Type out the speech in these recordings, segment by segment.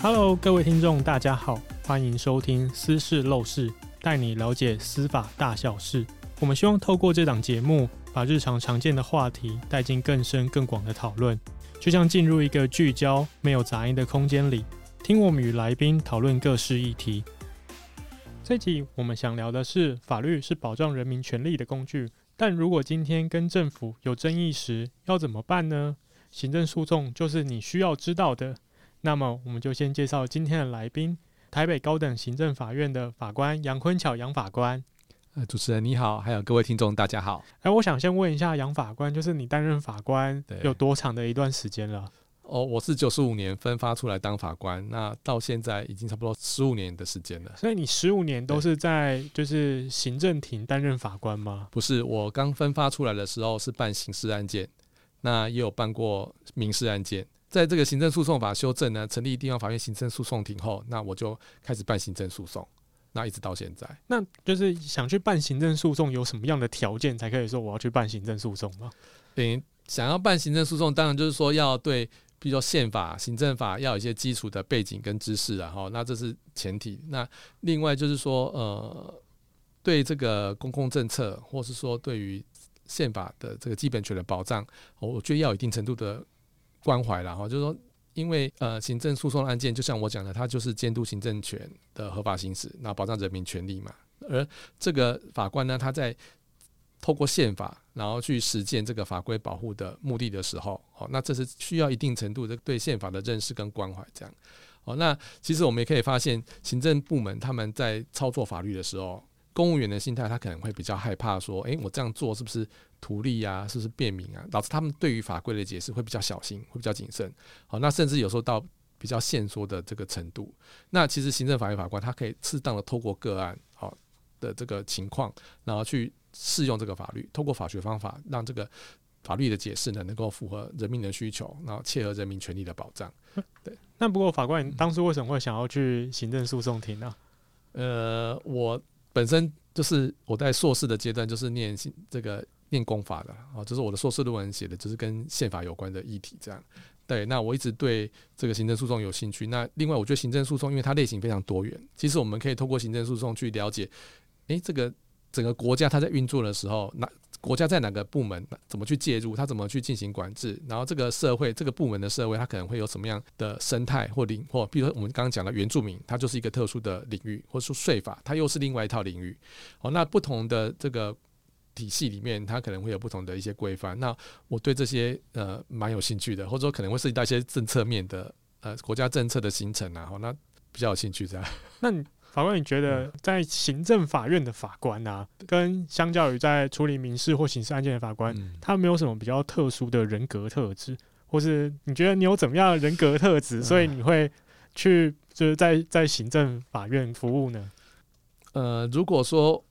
Hello，各位聽眾，大家好，歡迎收聽《司事 Law 室》，帶你了解司法大小事。我們希望透過這檔節目，把日常常見的話題帶進更深更廣的討論，就像進入一個聚焦、沒有雜音的空間裡，聽我們與來賓討論各式議題。這集我們想聊的是，法律是保障人民權利的工具，但如果今天跟政府有爭議時，要怎麼辦呢？行政訴訟就是你需要知道的。那麼，我們就先介紹今天的來賓——台北高等行政法院的法官楊坤樵。楊法官。呃，主持人你好，還有各位聽眾大家好。哎，我想先問一下楊法官，就是你擔任法官有多長的一段時間了？哦，我是九十五年分發出來當法官，那到現在已經差不多十五年的時間了。所以你十五年都是在就是行政庭擔任法官嗎？不是，我剛分發出來的時候是辦刑事案件，那也有辦過民事案件。在這個行政訴訟法修正呢，成立地方法院行政訴訟庭後，那我就開始辦行政訴訟，那一直到現在。那就是想去辦行政訴訟，有什麼樣的條件才可以說我要去辦行政訴訟嗎？等於想要辦行政訴訟，當然就是說要對，比如說憲法、行政法要有一些基礎的背景跟知識啊，然後那這是前提。那另外就是說，呃，對這個公共政策，或是說對於憲法的這個基本權的保障，我覺得要有一定程度的。關懷了哈，就是說，因為呃，行政訴訟案件就像我講的，它就是監督行政權的合法行使，那保障人民權利嘛。而這個法官呢，他在透過憲法，然後去實踐這個法規保護的目的的時候，哦，那這是需要一定程度的對憲法的認識跟關懷，這樣。哦，那其實我們也可以發現，行政部門他們在操作法律的時候。公務員的心態，他可能會比較害怕，說：“哎、欸，我這樣做是不是圖利呀、啊？是不是便民啊？”導致他們對於法規的解釋會比較小心，會比較謹慎。好、哦，那甚至有時候到比較限縮的這個程度。那其實行政法院法官他可以適當的透過個案，好、哦，的這個情況，然後去適用這個法律，透過法學方法，讓這個法律的解釋呢，能夠符合人民的需求，然後切合人民權利的保障。對。那不過法官你當初為什麼會想要去行政訴訟庭呢、啊嗯？呃，我。本身就是我在碩士的階段就是念這個念公法的啊，就是我的碩士論文寫的就是跟憲法有關的議題這樣。對，那我一直對這個行政訴訟有興趣。那另外，我覺得行政訴訟因為它類型非常多元，其實我們可以透過行政訴訟去了解，哎、欸，這個整個國家它在運作的時候那。國家在哪個部門？怎麼去介入？它怎麼去進行管制？然後這個社會，這個部門的社會，它可能會有什麼樣的生態或領？或比如說我們剛剛講的原住民，它就是一個特殊的領域，或是稅法，它又是另外一套領域。好、哦，那不同的這個體系裡面，它可能會有不同的一些規範。那我對這些呃蠻有興趣的，或者說可能會涉及到一些政策面的呃國家政策的形成啊。好、哦，那比較有興趣這樣。那你？法官，你覺得在行政法院的法官啊，嗯、跟相較於在處理民事或刑事案件的法官，嗯、他沒有什麼比較特殊的人格特質，或是你覺得你有怎麼樣的人格特質、嗯，所以你會去就是在在行政法院服務呢？呃，如果說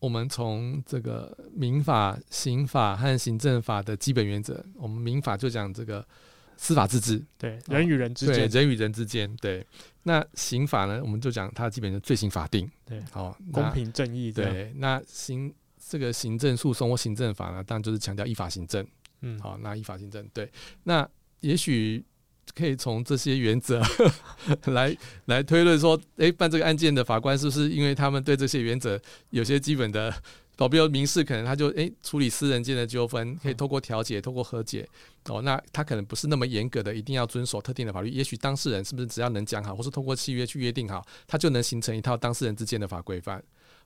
我們從這個民法、刑法和行政法的基本原則，我們民法就講這個私法自治，對人與人之間，人與人之間，對。人那刑法呢，我們就講它，基本的罪刑法定，對，好，公平正義。對，那行這個行政訴訟或行政法呢，當然就是強調依法行政，嗯，好，那依法行政，對，那也許可以從這些原則 來來推論說，誒、欸，辦這個案件的法官是不是因為他們對這些原則有些基本的。比如民事，可能他就誒、欸、處理私人間的糾紛，可以透過調解、透過和解，哦，那他可能不是那麼嚴格的，一定要遵守特定的法律。也許當事人是不是只要能講好，或是透過契約去約定好，他就能形成一套當事人之間的法規範。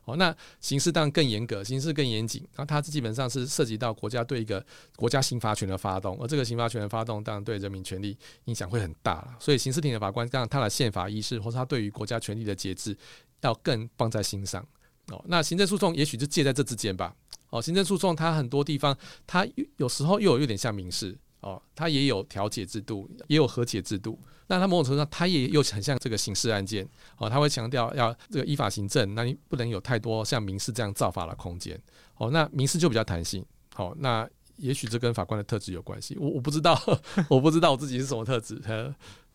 哦，那刑事當然更嚴格，刑事更嚴謹，然後它基本上是涉及到國家對一個國家刑罰權的發動，而這個刑罰權的發動當然對人民權利影響會很大了。所以刑事庭的法官，當然他的憲法意識或是他對於國家權力的節制，要更放在心上。哦，那行政訴訟也許就介在這之間吧。哦，行政訴訟它很多地方，它有時候又有一點像民事。哦，它也有調解制度，也有和解制度。那它某種程度上，它也有很像這個刑事案件。哦，它會強調要這個依法行政，那你不能有太多像民事這樣造法的空間。哦，那民事就比較彈性。好，哦，那也許這跟法官的特質有關係。我我不知道，我不知道我自己是什麼特質。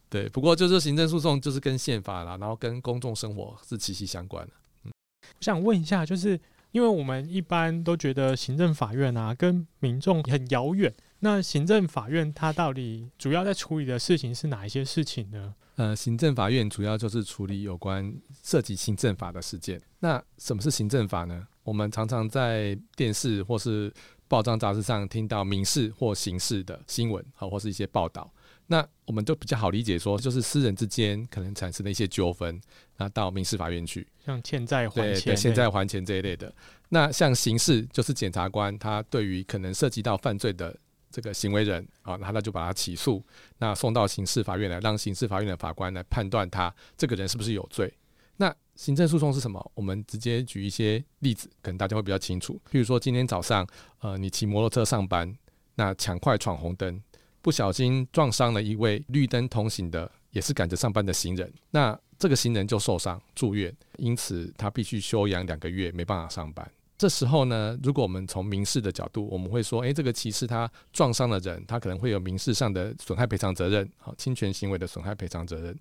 對，不過就是行政訴訟就是跟憲法啦，然後跟公眾生活是息息相關的。我想問一下，就是因為我們一般都覺得行政法院啊跟民眾很遙遠，那行政法院它到底主要在處理的事情是哪一些事情呢？呃，行政法院主要就是處理有關涉及行政法的事件。那什麼是行政法呢？我們常常在電視或是報章雜誌上聽到民事或刑事的新聞，好，或是一些報道那我們就比較好理解，說就是私人之間可能產生的一些糾紛，那到民事法院去，像欠債還錢，欠債還錢這一類的。那像刑事就是檢察官他對於可能涉及到犯罪的這個行為人，啊，然後他就把他起訴，那送到刑事法院來，讓刑事法院的法官來判斷他這個人是不是有罪。那行政訴訟是什麼？我們直接舉一些例子，可能大家會比較清楚。譬如說今天早上，呃，你騎摩托車上班，那搶快闖紅燈。不小心撞傷了一位綠燈通行的，也是趕着上班的行人，那這個行人就受傷住院，因此他必須休養兩個月，沒辦法上班。這時候呢，如果我們從民事的角度，我們會說，誒、欸，這個騎士他撞傷了人，他可能會有民事上的損害賠償責任，好，侵權行為的損害賠償責任。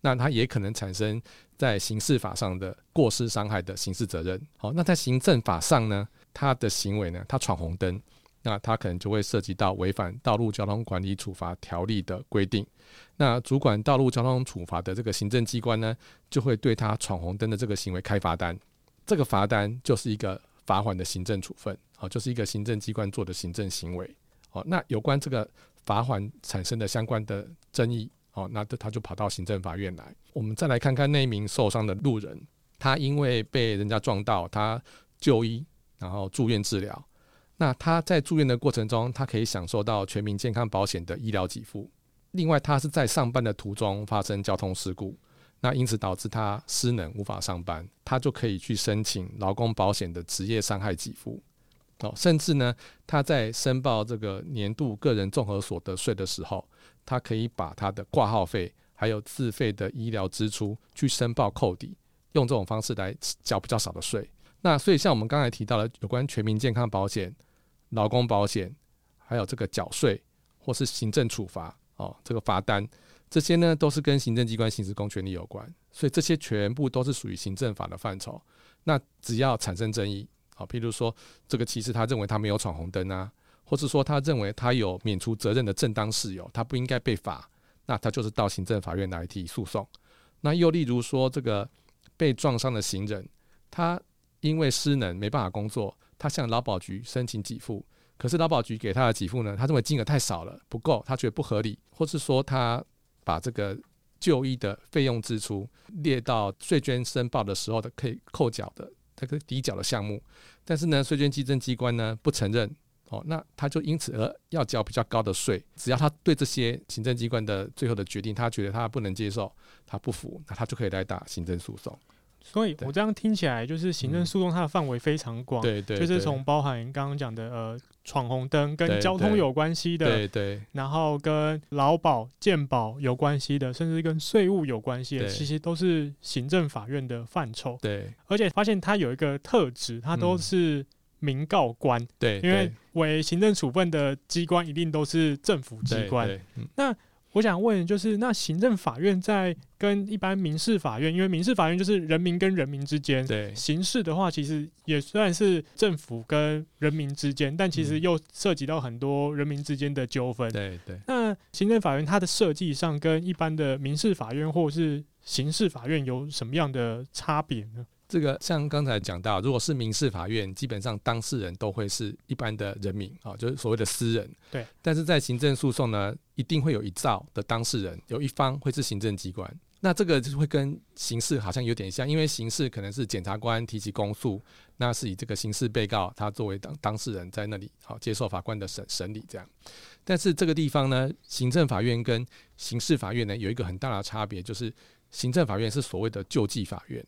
那他也可能產生在刑事法上的過失傷害的刑事責任。好，那在行政法上呢，他的行為呢，他闖紅燈。那他可能就會涉及到違反道路交通管理處罰條例的規定，那主管道路交通處罰的這個行政機關呢，就會對他闖紅燈的這個行為開罰單，這個罰單就是一個罰款的行政處分，好，就是一個行政機關做的行政行為，好，那有關這個罰款產生的相關的爭議，好，那他他就跑到行政法院來。我們再來看看那一名受傷的路人，他因為被人家撞到，他就醫，然後住院治療。那他在住院的過程中，他可以享受到全民健康保險的醫療給付。另外，他是在上班的途中發生交通事故，那因此導致他失能無法上班，他就可以去申請勞工保險的職業傷害給付。哦，甚至呢，他在申報這個年度個人綜合所得稅的時候，他可以把他的掛號費還有自費的醫療支出去申報扣抵，用這種方式來繳比較少的稅。那所以，像我們剛才提到的有關全民健康保險。勞工保險，還有這個繳稅或是行政處罰哦，這個罰單，這些呢都是跟行政機關行使公權力有關，所以這些全部都是屬於行政法的範疇。那只要產生爭議啊、哦，譬如說這個其實他認為他沒有闖紅燈啊，或是說他認為他有免除責任的正當事由，他不應該被罰，那他就是到行政法院來提訴訟。那又例如說這個被撞傷的行人，他因為失能沒辦法工作。他向勞保局申請給付，可是勞保局給他的給付呢，他認為金額太少了，不夠，他覺得不合理，或是說他把這個就醫的費用支出列到稅捐申報的時候的可以扣繳的這個抵繳的項目，但是呢，稅捐稽徵機關呢不承認，哦，那他就因此而要交比較高的稅。只要他對這些行政機關的最後的決定，他覺得他不能接受，他不服，那他就可以來打行政訴訟。所以，我這樣聽起來，就是行政訴訟它的範圍非常廣，嗯，就是從包含剛剛講的呃闖紅燈跟交通有關係的對對對，然後跟勞保、健保有關係的，甚至跟稅務有關係的對對對，其實都是行政法院的範疇。對，對，對，而且發現它有一個特質，它都是民告官。嗯、對，對，對，因為為行政處分的機關一定都是政府機關。對對對嗯、那我想問，就是那行政法院在跟一般民事法院，因為民事法院就是人民跟人民之間，對刑事的話，其實也算是政府跟人民之間，但其實又涉及到很多人民之間的糾紛。嗯、對對。那行政法院它的設計上跟一般的民事法院或是刑事法院有什麼樣的差別呢？這個像剛才講到，如果是民事法院，基本上當事人都會是一般的人民啊，就是所謂的私人。對。但是在行政訴訟呢，一定會有一造的當事人，有一方會是行政機關。那這個就會跟刑事好像有點像，因為刑事可能是檢察官提起公訴，那是以這個刑事被告他作為當當事人在那裡好接受法官的審審理這樣。但是這個地方呢，行政法院跟刑事法院呢有一個很大的差別，就是行政法院是所謂的救濟法院。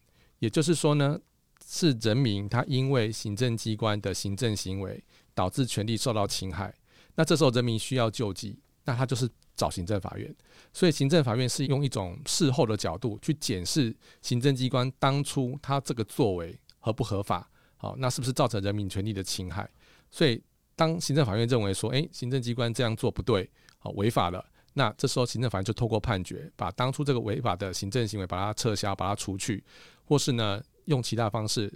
也就是說呢，是人民他因為行政機關的行政行為導致權利受到侵害，那這時候人民需要救濟，那他就是找行政法院。所以行政法院是用一種事後的角度去檢視行政機關當初他這個作為合不合法，好，那是不是造成人民權利的侵害？所以當行政法院認為說，哎，行政機關這樣做不對，好，違法了。那這時候，行政法院就透過判決，把當初這個違法的行政行為把它撤銷、把它除去，或是呢用其他方式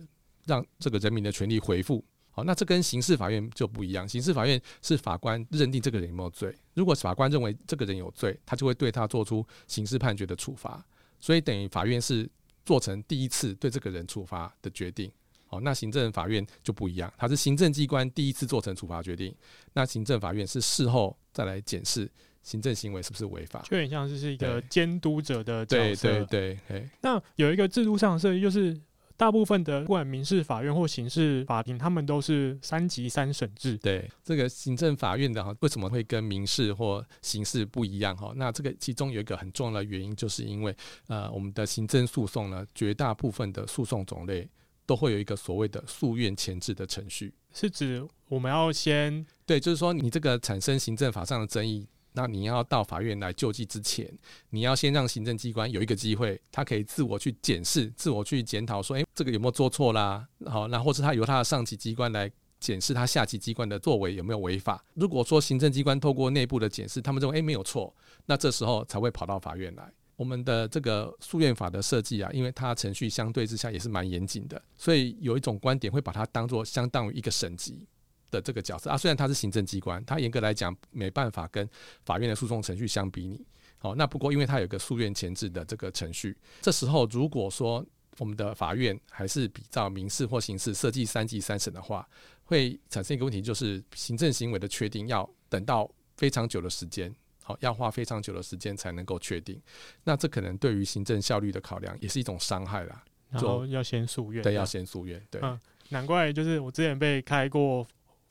讓這個人民的權利回復。好，那這跟刑事法院就不一樣。刑事法院是法官認定這個人有沒有罪，如果法官認為這個人有罪，他就會對他做出刑事判決的處罰。所以等於法院是做成第一次對這個人處罰的決定。好，那行政法院就不一樣，它是行政機關第一次做成處罰決定，那行政法院是事後再來檢視。行政行為是不是違法？就有點像是一個監督者的角色。對對對，對。那有一個制度上的設計，就是大部分的不管民事法院或刑事法庭，他們都是三級三審制。對，這個行政法院的哈，為什麼會跟民事或刑事不一樣哈？那這個其中有一個很重要的原因，就是因為呃，我們的行政訴訟呢，絕大部分的訴訟種類都會有一個所謂的訴願前置的程序。是指我們要先對，就是說你這個產生行政法上的爭議。那你要到法院來救濟之前，你要先讓行政機關有一個機會，他可以自我去檢視、自我去檢討，說，誒、欸，這個有沒有做錯啦、啊？好，那或是他由他的上級機關來檢視他下級機關的作為有沒有違法。如果說行政機關透過內部的檢視，他們認為誒、欸，沒有錯，那這時候才會跑到法院來。我們的這個訴願法的設計啊，因為它程序相對之下也是蠻嚴謹的，所以有一種觀點會把它當作相當於一個審級。的這個角色啊，雖然他是行政機關，他嚴格來講沒辦法跟法院的訴訟程序相比擬。好、哦，那不過因為他有個訴願前置的這個程序，這時候如果說我們的法院還是比照民事或刑事設計三級三審的話，會產生一個問題，就是行政行為的確定要等到非常久的時間，好、哦，要花非常久的時間才能夠確定。那這可能對於行政效率的考量也是一種傷害啦。然後要先訴願、啊，對，要先訴願，對、啊。難怪就是我之前被開過。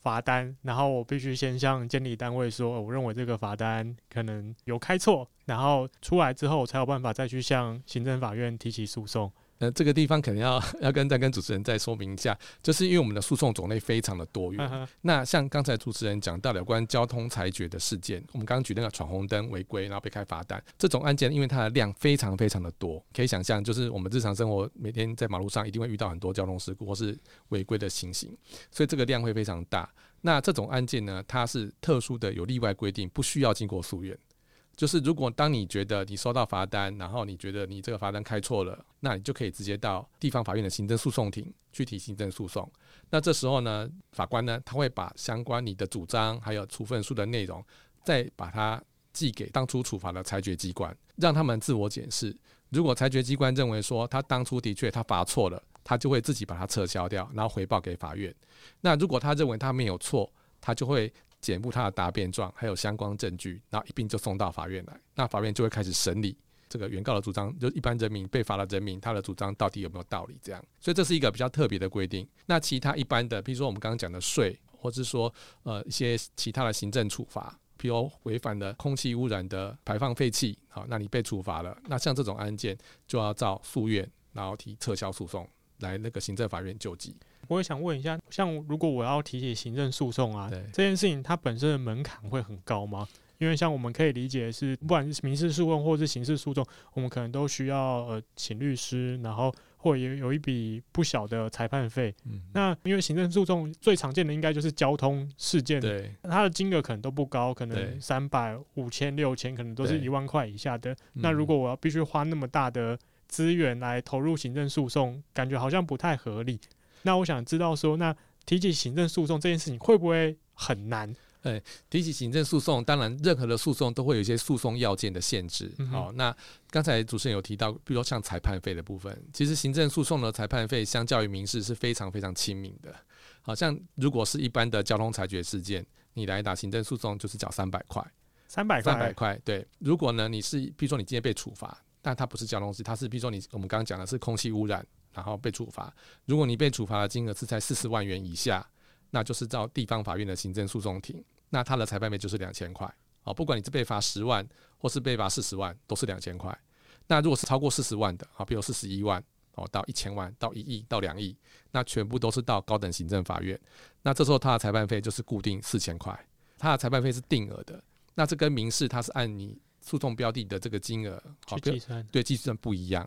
罰單，然後我必須先向監理單位說，哦，我認為這個罰單可能有開錯，然後出來之後我才有辦法再去向行政法院提起訴訟。那、呃、這個地方可能要要跟再跟主持人再說明一下，就是因為我們的訴訟種類非常的多元。Uh -huh. 那像剛才主持人講到了有關交通裁決的事件，我們剛剛舉那個闖紅燈違規然後被開罰單這種案件，因為它的量非常非常的多，可以想象，就是我們日常生活每天在馬路上一定會遇到很多交通事故或是違規的情形，所以這個量會非常大。那這種案件呢，它是特殊的有例外規定，不需要經過訴願。就是如果當你覺得你收到罰單，然後你覺得你這個罰單開錯了，那你就可以直接到地方法院的行政訴訟庭去提行政訴訟。那這時候呢，法官呢，他會把相關你的主張還有處分書的內容，再把它寄給當初處罰的裁決機關，讓他們自我檢視。如果裁決機關認為說他當初的確他罰錯了，他就會自己把它撤銷掉，然後回報給法院。那如果他認為他沒有錯，他就會。檢附他的答辯狀還有相關證據，然後一併就送到法院來，那法院就會開始審理這個原告的主張，就是一般人民被罰的人民他的主張到底有沒有道理這樣，所以這是一個比較特別的規定。那其他一般的，譬如說我們剛剛講的稅，或者是說呃一些其他的行政處罰，譬如違反了空氣污染的排放廢氣，好，那你被處罰了，那像這種案件就要找訴願，然後提撤銷訴訟來那個行政法院救濟。我也想問一下，像如果我要提起行政訴訟啊，這件事情它本身的門檻會很高嗎？因為像我們可以理解是，不管是民事訴訟或者是刑事訴訟，我們可能都需要、呃、請律師，然後或有有一筆不小的裁判費、嗯。那因為行政訴訟最常見的應該就是交通事件，它的金額可能都不高，可能三百、五千、六千，可能都是一萬塊以下的、嗯。那如果我要必須花那麼大的資源來投入行政訴訟，感覺好像不太合理。那我想知道說，說那提起行政訴訟這件事情會不會很難？哎、欸，提起行政訴訟，當然任何的訴訟都會有一些訴訟要件的限制。嗯、好，那剛才主持人有提到，比如說像裁判費的部分，其實行政訴訟的裁判費相較於民事是非常非常親民的。好，像如果是一般的交通裁決事件，你來打行政訴訟就是繳三百塊，三百塊，三百塊。對，如果呢你是，比如說你今天被處罰，但它不是交通事，它是比如說你，我們剛剛講的是空氣污染。然後被處罰，如果你被處罰的金額是在四十萬元以下，那就是到地方法院的行政訴訟庭，那他的裁判費就是兩千塊。哦，不管你是被罰十萬或是被罰四十萬，都是兩千塊。那如果是超過四十萬的，啊，比如四十一萬哦，到一千萬，到一億，到兩億，那全部都是到高等行政法院。那這時候他的裁判費就是固定四千塊，他的裁判費是定額的。那這跟民事他是按你訴訟標的的這個金額去計算，對計算不一樣。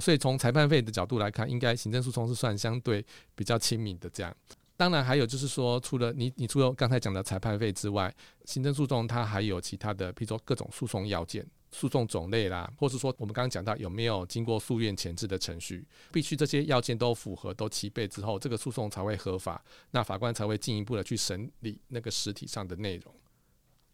所以從裁判費的角度來看，應該行政訴訟是算相對比較親民的這樣。當然，還有就是說，除了你，你除了剛才講的裁判費之外，行政訴訟它還有其他的，譬如說各種訴訟要件、訴訟種類啦，或是說我們剛剛講到有沒有經過訴願前置的程序，必須這些要件都符合、都齊備之後，這個訴訟才會合法，那法官才會進一步的去審理那個實體上的內容。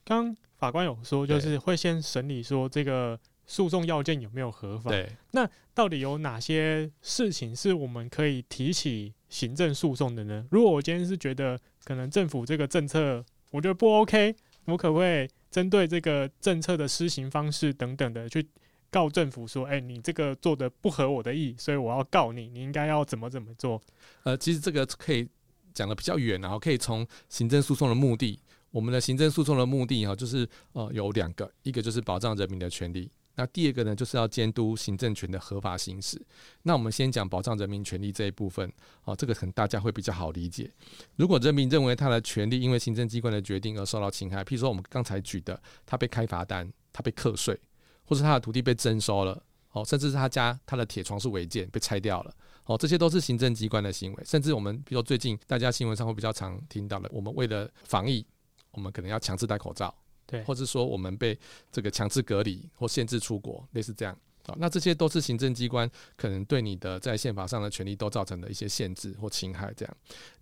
剛法官有說，就是會先審理說這個。訴訟要件有沒有合法？對，那到底有哪些事情是我們可以提起行政訴訟的呢？如果我今天是覺得可能政府這個政策我覺得不 OK，我可不可以針對這個政策的施行方式等等的去告政府說：“哎、欸，你這個做的不合我的意，所以我要告你，你應該要怎麼怎麼做？”呃，其實這個可以講得比較遠，然後可以從行政訴訟的目的，我們的行政訴訟的目的哈，就是呃有兩個，一個就是保障人民的權利。那第二個呢，就是要監督行政權的合法行使。那我們先講保障人民權利這一部分啊、哦，這個可能大家會比較好理解。如果人民認為他的權利因為行政機關的決定而受到侵害，譬如說我們剛才舉的，他被開罰單，他被課稅，或是他的土地被徵收了，哦，甚至是他家他的鐵床是違建被拆掉了，哦，這些都是行政機關的行為。甚至我們，比如說最近大家新聞上會比較常聽到的，我們為了防疫，我們可能要強制戴口罩。對，或者說我們被這個強制隔離或限制出國，類似這樣啊，那這些都是行政機關可能對你的在憲法上的權利都造成的一些限制或侵害，這樣。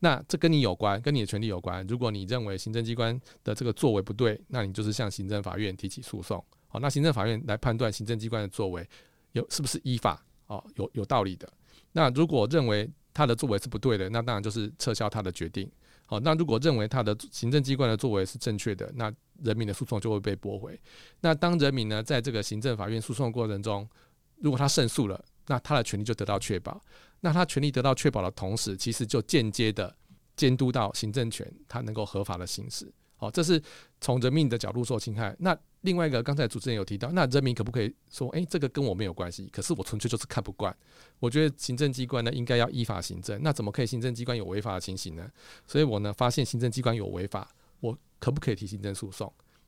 那這跟你有關，跟你的權利有關。如果你認為行政機關的這個作為不對，那你就是向行政法院提起訴訟。好，那行政法院來判斷行政機關的作為有是不是依法啊，有有道理的。那如果認為他的作為是不對的，那當然就是撤銷他的決定。好，那如果認為他的行政機關的作為是正確的，那人民的訴訟就會被駁回。那當人民呢，在這個行政法院訴訟過程中，如果他勝訴了，那他的權利就得到確保。那他權利得到確保的同時，其實就間接的監督到行政權，他能夠合法的行使。好、哦，這是從人民的角度受侵害。那另外一個，剛才主持人有提到，那人民可不可以說，哎、欸，這個跟我沒有關係，可是我純粹就是看不慣。我覺得行政機關呢，應該要依法行政。那怎麼可以行政機關有違法的情形呢？所以我呢，發現行政機關有違法。我可不可以提行政訴訟？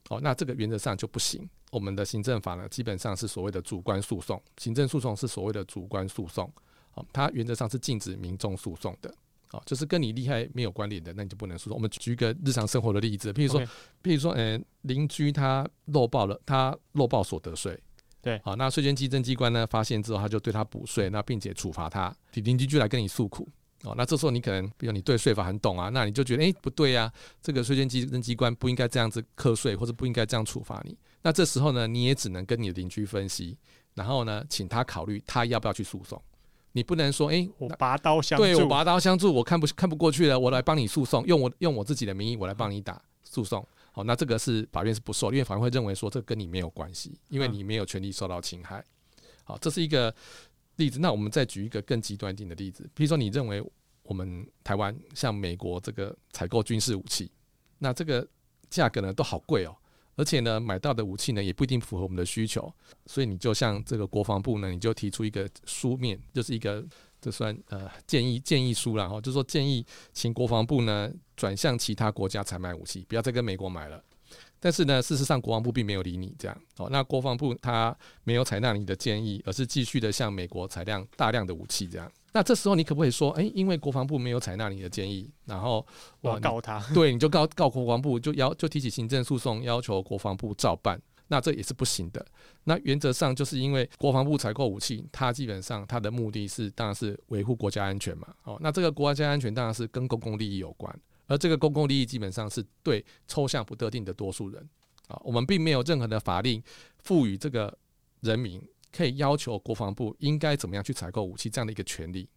好、哦，那這個原則上就不行。我們的行政法呢，基本上是所謂的主觀訴訟，行政訴訟是所謂的主觀訴訟，好、哦，它原則上是禁止民眾訴訟的，好、哦，就是跟你厲害沒有關聯的，那你就不能訴訟。我們舉一個日常生活的例子，譬如說，Okay. 譬如說，呃，鄰居他漏報了，他漏報所得稅，對，好、哦，那稅捐稽徵機關呢發現之後，他就對他補稅，那並且處罰他，鄰居就來跟你訴苦。哦，那這時候你可能，比如你對稅法很懂啊，那你就覺得，哎、欸，不對呀、啊，這個稅捐機機關不應該這樣子課稅，或者不應該這樣處罰你。那這時候呢，你也只能跟你的鄰居分析，然後呢，請他考慮他要不要去訴訟。你不能說，哎、欸，我拔刀相助，對我拔刀相助，我看不看不過去了，我來幫你訴訟，用我用我自己的名義，我來幫你打訴訟。好、哦，那這個是法院是不受理，因為法院會認為說這跟你沒有關係，因為你沒有權利受到侵害。好、嗯，這是一個。例子，那我們再舉一個更極端一點的例子，比如說你認為我們台灣向美國這個採購軍事武器，那這個價格呢都好貴哦，而且呢買到的武器呢也不一定符合我們的需求，所以你就向這個國防部呢，你就提出一個書面，就是一個就算呃建議建議書啦。哈，就是說建議請國防部呢轉向其他國家採買武器，不要再跟美國買了。但是呢，事實上，國防部並沒有理你這樣哦。那國防部他沒有採納你的建議，而是繼續的向美國採量大量的武器這樣。那這時候你可不可以說，誒、欸，因為國防部沒有採納你的建議，然後我，我告他？對，你就告告國防部，就要就提起行政訴訟，要求國防部照辦。那這也是不行的。那原則上，就是因為國防部採購武器，它基本上它的目的是當然是維護國家安全嘛。哦，那這個國家安全當然是跟公共利益有關。而這個公共利益基本上是對抽象不特定的多數人，啊，我們並沒有任何的法令賦予這個人民可以要求國防部應該怎麼樣去採購武器這樣的一個權利，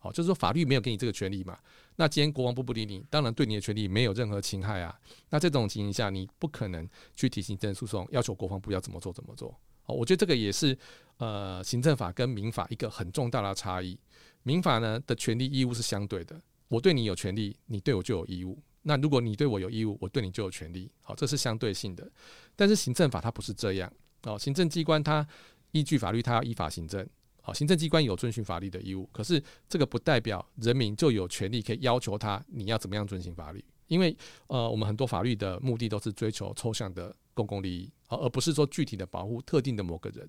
好，就是說法律沒有給你這個權利嘛。那既然國防部不理你，當然對你的權利沒有任何侵害啊。那這種情形下，你不可能去提行政訴訟要求國防部要怎麼做怎麼做。好，我覺得這個也是呃行政法跟民法一個很重大的差異。民法呢的權利義務是相對的。我對你有權利，你對我就有義務。那如果你對我有義務，我對你就有權利。好，這是相對性的。但是行政法它不是這樣。哦，行政機關它依據法律，它要依法行政。好，行政機關有遵循法律的義務。可是這個不代表人民就有權利可以要求他，你要怎麼樣遵循法律。因為呃，我們很多法律的目的都是追求抽象的公共利益，好，而不是說具體的保護特定的某個人。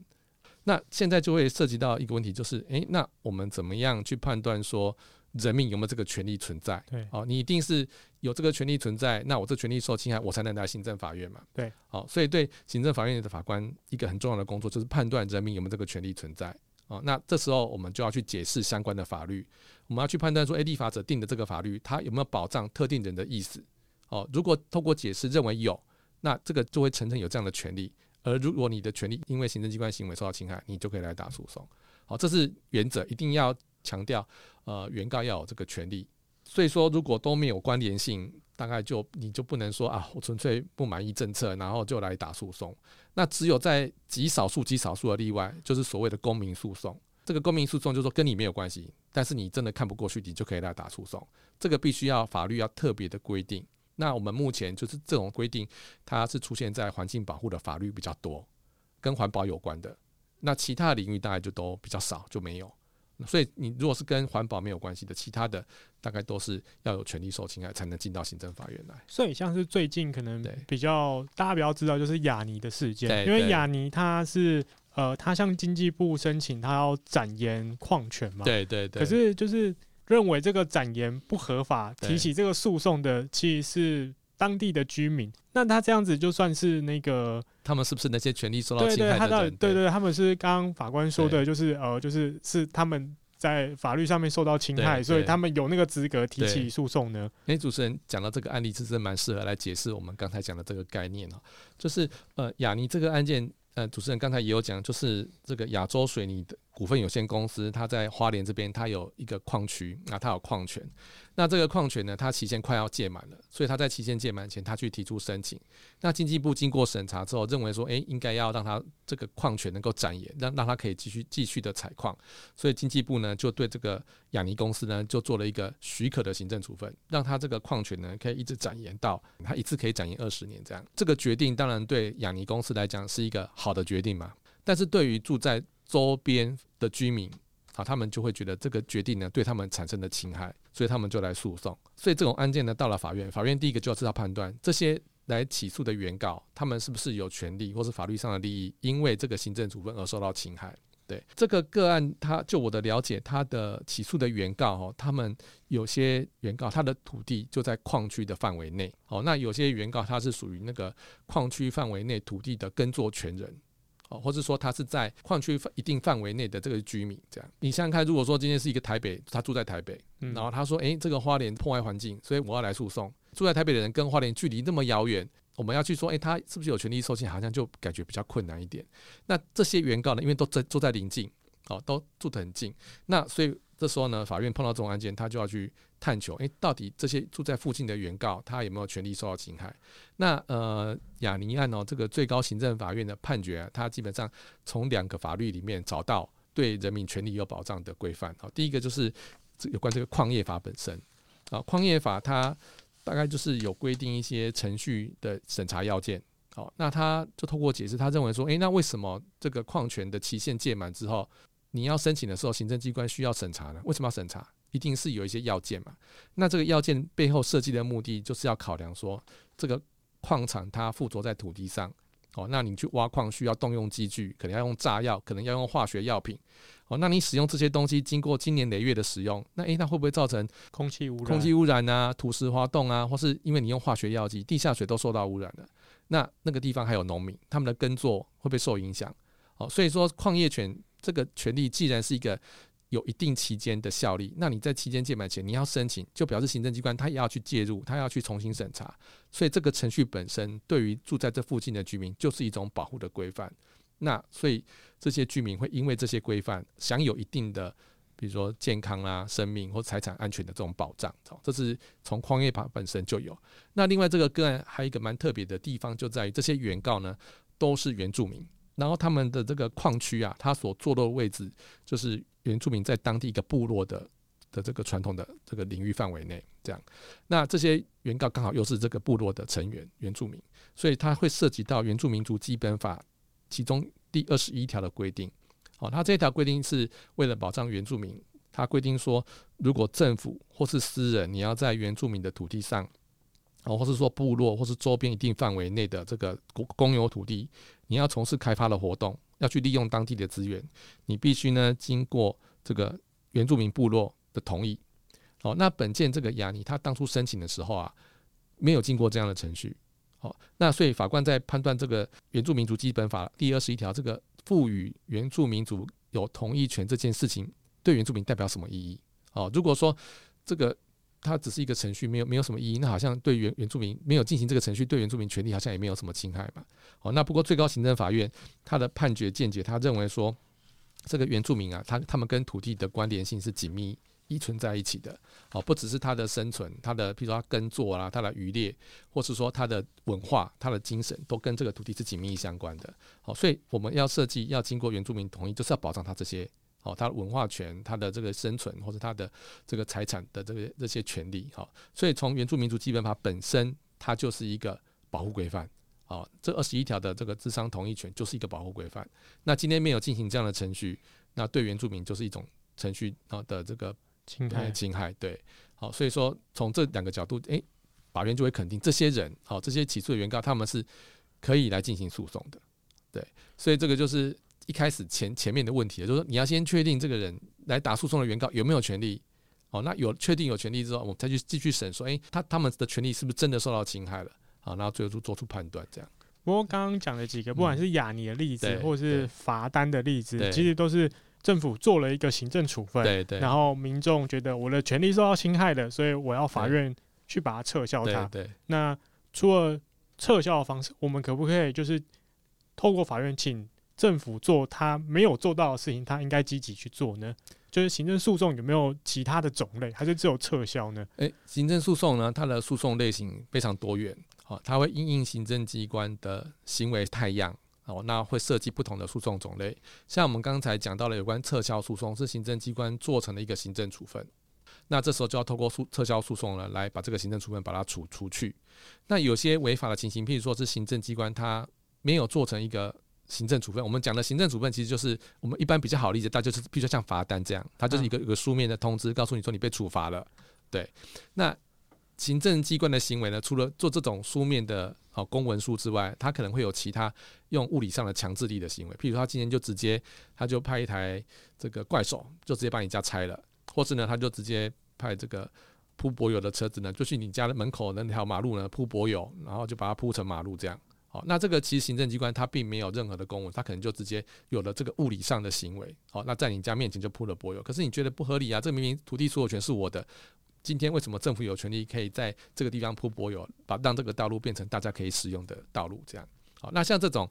那現在就會涉及到一個問題，就是欸，那我們怎麼樣去判斷說，人民有沒有這個權利存在？對，哦，你一定是有這個權利存在，那我這個權利受侵害，我才能來行政法院嘛。對，好、哦，所以對行政法院的法官一個很重要的工作，就是判斷人民有沒有這個權利存在。哦，那這時候我們就要去解釋相關的法律，我們要去判斷說欸、立法者定的這個法律，它有沒有保障特定人的意思？哦，如果透過解釋認為有，那這個就會承認有這樣的權利。而如果你的權利因為行政機關行為受到侵害，你就可以來打訴訟。好、哦，這是原則，一定要強調。呃，原告要有這個權利，所以說如果都沒有關聯性，大概就你就不能說啊，我純粹不滿意政策，然後就來打訴訟。那只有在極少數、極少數的例外，就是所謂的公民訴訟。這個公民訴訟就說跟你沒有關係，但是你真的看不過去，你就可以來打訴訟。這個必須要法律要特別的規定。那我們目前就是這種規定，它是出現在環境保護的法律比較多，跟環保有關的。那其他領域大概就都比較少，就沒有。所以你如果是跟環保沒有關係的，其他的大概都是要有權利受侵害才能進到行政法院來。所以像是最近可能比較大家比較知道就是亞泥的事件，因為亞泥他是呃，他向經濟部申請他要展延礦權嘛，對對對。可是就是認為這個展延不合法，提起這個訴訟的其實是當地的居民，那他這樣子就算是那個？他們是不是那些權利受到侵害的人對，對對，他對，對對，他們是剛法官說的，就是呃，就是是他們在法律上面受到侵害，對對對，所以他們有那個資格提起訴訟呢？哎，主持人講到這個案例，其實蠻適合來解釋我們剛才講的這個概念啊，就是呃，亞泥這個案件，呃，主持人剛才也有講，就是這個亞洲水泥的。股份有限公司，他在花蓮這邊，他有一個礦區，那他有礦權。那這個礦權呢，它期限快要屆滿了，所以他在期限屆滿前，他去提出申請。那經濟部經過審查之後，認為說，誒、欸，應該要讓他這個礦權能夠展延，讓讓他可以繼續繼續的採礦。所以經濟部呢，就對這個亞泥公司呢，就做了一個許可的行政處分，讓他這個礦權呢，可以一直展延到他一次可以展延二十年這樣。這個決定當然對亞泥公司來講是一個好的決定嘛，但是對於住在周邊的居民啊，他們就會覺得這個決定呢，對他們產生的侵害，所以他們就來訴訟。所以這種案件呢，到了法院，法院第一個就要知道判斷這些來起訴的原告，他們是不是有權利或是法律上的利益，因為這個行政處分而受到侵害。對這個個案，他就我的了解，他的起訴的原告哦，他們有些原告他的土地就在礦區的範圍內哦，那有些原告他是屬於那個礦區範圍內土地的耕作權人。或者說他是在礦區一定範圍內的這個居民。這樣你想想看，如果說今天是一個台北，他住在台北，嗯、然後他說，誒、欸，這個花蓮破壞環境，所以我要來訴訟。住在台北的人跟花蓮距離那麼遙遠，我們要去說，誒、欸，他是不是有權利受侵？’好像就感覺比較困難一點。那這些原告呢，因為都在住在鄰近，哦、喔，都住得很近。那所以這時候呢，法院碰到這種案件，他就要去。探求，誒、欸，到底這些住在附近的原告，他有沒有權利受到侵害？那呃，亞泥案哦，這個最高行政法院的判決，啊，他基本上從兩個法律裡面找到對人民權利有保障的規範。好，哦，第一個就是有關這個礦業法本身。哦，礦業法它大概就是有規定一些程序的審查要件。好，哦，那他就透過解釋，他認為說，誒、欸，那為什麼這個礦權的期限屆滿之後，你要申請的時候，行政機關需要審查呢？為什麼要審查？一定是有一些要件嘛。那這個要件背後設計的目的，就是要考量說，這個礦場它附着在土地上，哦，那你去挖礦需要動用機具，可能要用炸藥，可能要用化學藥品，哦，那你使用這些東西，經過經年累月的使用，那誒、欸，那會不會造成空氣污染？空氣污染啊，土石滑動啊，或是因為你用化學藥劑，地下水都受到污染了。那那個地方還有農民，他們的耕作會不會受影響？哦，所以說礦業權這個權利既然是一個，有一定期間的效力，那你在期間屆滿前，你要申請，就表示行政機關他也要去介入，他要去重新審查，所以這個程序本身對於住在這附近的居民就是一種保護的規範，那所以這些居民會因為這些規範享有一定的，比如說健康啊、生命或財產安全的這種保障，這是從礦業法本身就有。那另外這個個案還有一個蠻特別的地方就在於，這些原告呢都是原住民。然後他們的這個礦區啊，它所坐落的位置就是原住民在當地一個部落的的這個傳統的這個領域範圍內。這樣，那這些原告剛好又是這個部落的成員，原住民，所以他會涉及到《原住民族基本法》其中第二十一條的規定。好、哦，它這條規定是為了保障原住民，它規定說，如果政府或是私人你要在原住民的土地上，哦，或是說部落或是周邊一定範圍內的這個公公有土地，你要從事開發的活動，要去利用當地的資源，你必須呢經過這個原住民部落的同意。哦，那本件這個亞泥他當初申請的時候啊，沒有經過這樣的程序。哦，那所以法官在判斷這個《原住民族基本法》第二十一條這個賦予原住民族有同意權這件事情，對原住民代表什麼意義？哦，如果說這個。它只是一個程序，沒有沒有什麼意義。那好像對原原住民沒有進行這個程序，對原住民權利好像也沒有什麼侵害嘛。哦，那不過最高行政法院他的判決見解，他認為說，這個原住民啊，他他們跟土地的關聯性是緊密依存在一起的。哦，不只是他的生存，他的譬如說耕作啦，他的漁獵，或是說他的文化、他的精神，都跟這個土地是緊密相關的。哦，所以我們要設計要經過原住民同意，就是要保障他這些。哦，他的文化權、他的這個生存或者他的這個財產的這個這些權利，好，所以從原住民族基本法本身，它就是一個保護規範。好，這二十一條的這個諮商同意權，就是一個保護規範。那今天沒有進行這樣的程序，那對原住民就是一種程序啊的這個侵害。侵害對，好，所以說從這兩個角度，誒、欸，法院就會肯定這些人，好，這些起訴的原告他們是可以來進行訴訟的，對，所以這個就是。一開始前前面的問題，就是說你要先確定這個人來打訴訟的原告有沒有權利，哦，那有確定有權利之後，我們再去繼續審，說、欸、哎，他他們的權利是不是真的受到侵害了，好，然後那最後就做出判斷這樣。不過剛剛講的幾個，不管是雅尼的例子，嗯，或是罰單的例子，其實都是政府做了一個行政處分，對對對，然後民眾覺得我的權利受到侵害的，所以我要法院去把它撤銷它。那除了撤銷的方式，我們可不可以就是透過法院請？政府做他沒有做到的事情，他應該積極去做呢？就是行政訴訟有沒有其他的種類？還是只有撤銷呢？誒、欸，行政訴訟呢，它的訴訟類型非常多元。好、哦，它會因應行政機關的行為態樣哦，那會設計不同的訴訟種類。像我們剛才講到了有關撤銷訴訟，是行政機關做成了一個行政處分，那這時候就要透過訴撤銷訴訟了，來把這個行政處分把它除出去。那有些違法的情形，譬如說是行政機關它沒有做成一個。行政處分，我們講的行政處分其實就是我們一般比較好理解，大家就是比如說像罰單這樣，它，就是一個一個書面的通知，告訴你說你被處罰了。對，那行政機關的行為呢，除了做這種書面的啊公文書之外，他可能會有其他用物理上的強制力的行為，譬如他今天就直接他就派一台這個怪手，就直接把你家拆了，或是呢他就直接派這個鋪柏油的車子呢，就去你家的門口的那條馬路呢鋪柏油，然後就把它鋪成馬路這樣。好，那這個其實行政機關他並沒有任何的公文，他可能就直接有了這個物理上的行為。好，那在你家面前就鋪了柏油，可是你覺得不合理啊？這個、明明土地所有權是我的，今天為什麼政府有權利可以在這個地方鋪柏油，把讓這個道路變成大家可以使用的道路？這樣，好，那像這種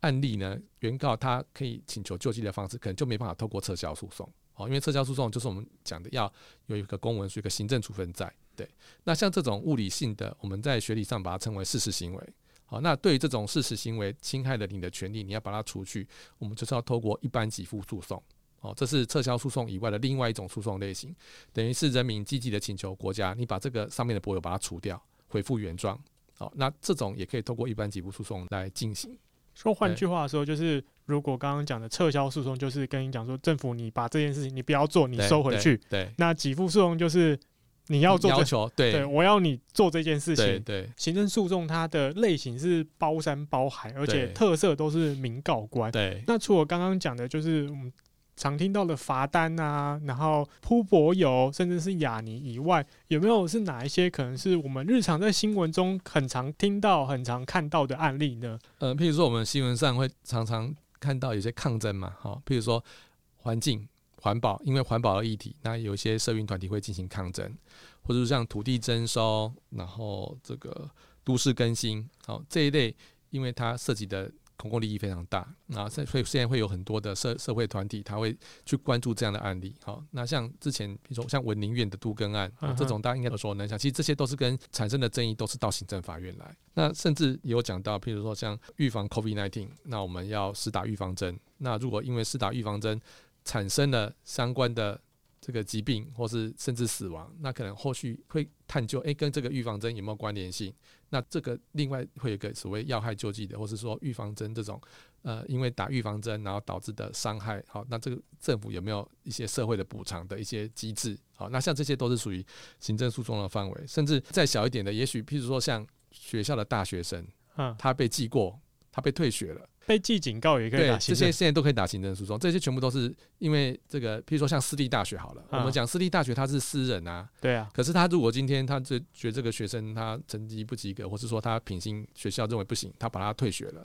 案例呢，原告他可以請求救濟的方式，可能就沒辦法透過撤銷訴訟。好，因為撤銷訴訟就是我們講的要有一個公文，有一個行政處分在。對，那像這種物理性的，我們在學理上把它稱為事實行為。好，那對於這種事實行為侵害了你的權利，你要把它除去，我們就是要透過一般給付訴訟。哦，這是撤銷訴訟以外的另外一種訴訟類型，等於是人民積極的請求國家，你把這個上面的柏油把它除掉，回復原狀。好，那這種也可以透過一般給付訴訟來進行。說，換句話說，就是如果剛剛講的撤銷訴訟，就是跟你講說政府你把這件事情你不要做，你收回去。對，對。那給付訴訟就是。你要做這、嗯、要求，對，對，我要你做這件事情。對，對，行政訴訟它的類型是包山包海，而且特色都是民告官。對，那除我剛剛講的，就是、嗯、我們常聽到的罰單啊，然後鋪柏油，甚至是啞尼以外，有沒有是哪一些可能是我們日常在新聞中很常聽到、很常看到的案例呢？呃，譬如說我們新聞上會常常看到有些抗爭嘛，哈、哦，譬如說環境。環保，因為環保的議題，那有一些社運團體會進行抗爭，或者是像土地徵收，然後這個都市更新，好、哦、這一類，因為它涉及的公共利益非常大，那所以現在會有很多的社社會團體，他會去關注這樣的案例。好、哦，那像之前，比如說像文林苑的都更案，這種大家應該都所能想，其實這些都是跟產生的爭議都是到行政法院來。那甚至也有講到，比如說像預防 COVID-19，那我們要施打預防針，那如果因為施打預防針，產生了相關的這個疾病，或是甚至死亡，那可能後續會探究，誒、欸，跟這個預防針有沒有關聯性？那這個另外會有一個所謂藥害救濟的，或是說預防針這種，呃，因為打預防針然後導致的傷害，好，那這個政府有沒有一些社會的補償的一些機制？好，那像這些都是屬於行政訴訟的範圍，甚至再小一點的，也許譬如說像學校的大學生，嗯，他被記過，他被退學了。被記警告也可以打這些，現在都可以打行政訴訟。這些全部都是因為這個，譬如說像私立大學好了，啊、我們講私立大學，他是私人啊。對啊。可是他如果今天他這覺得這個學生他成績不及格，或是說他品行學校認為不行，他把他退學了。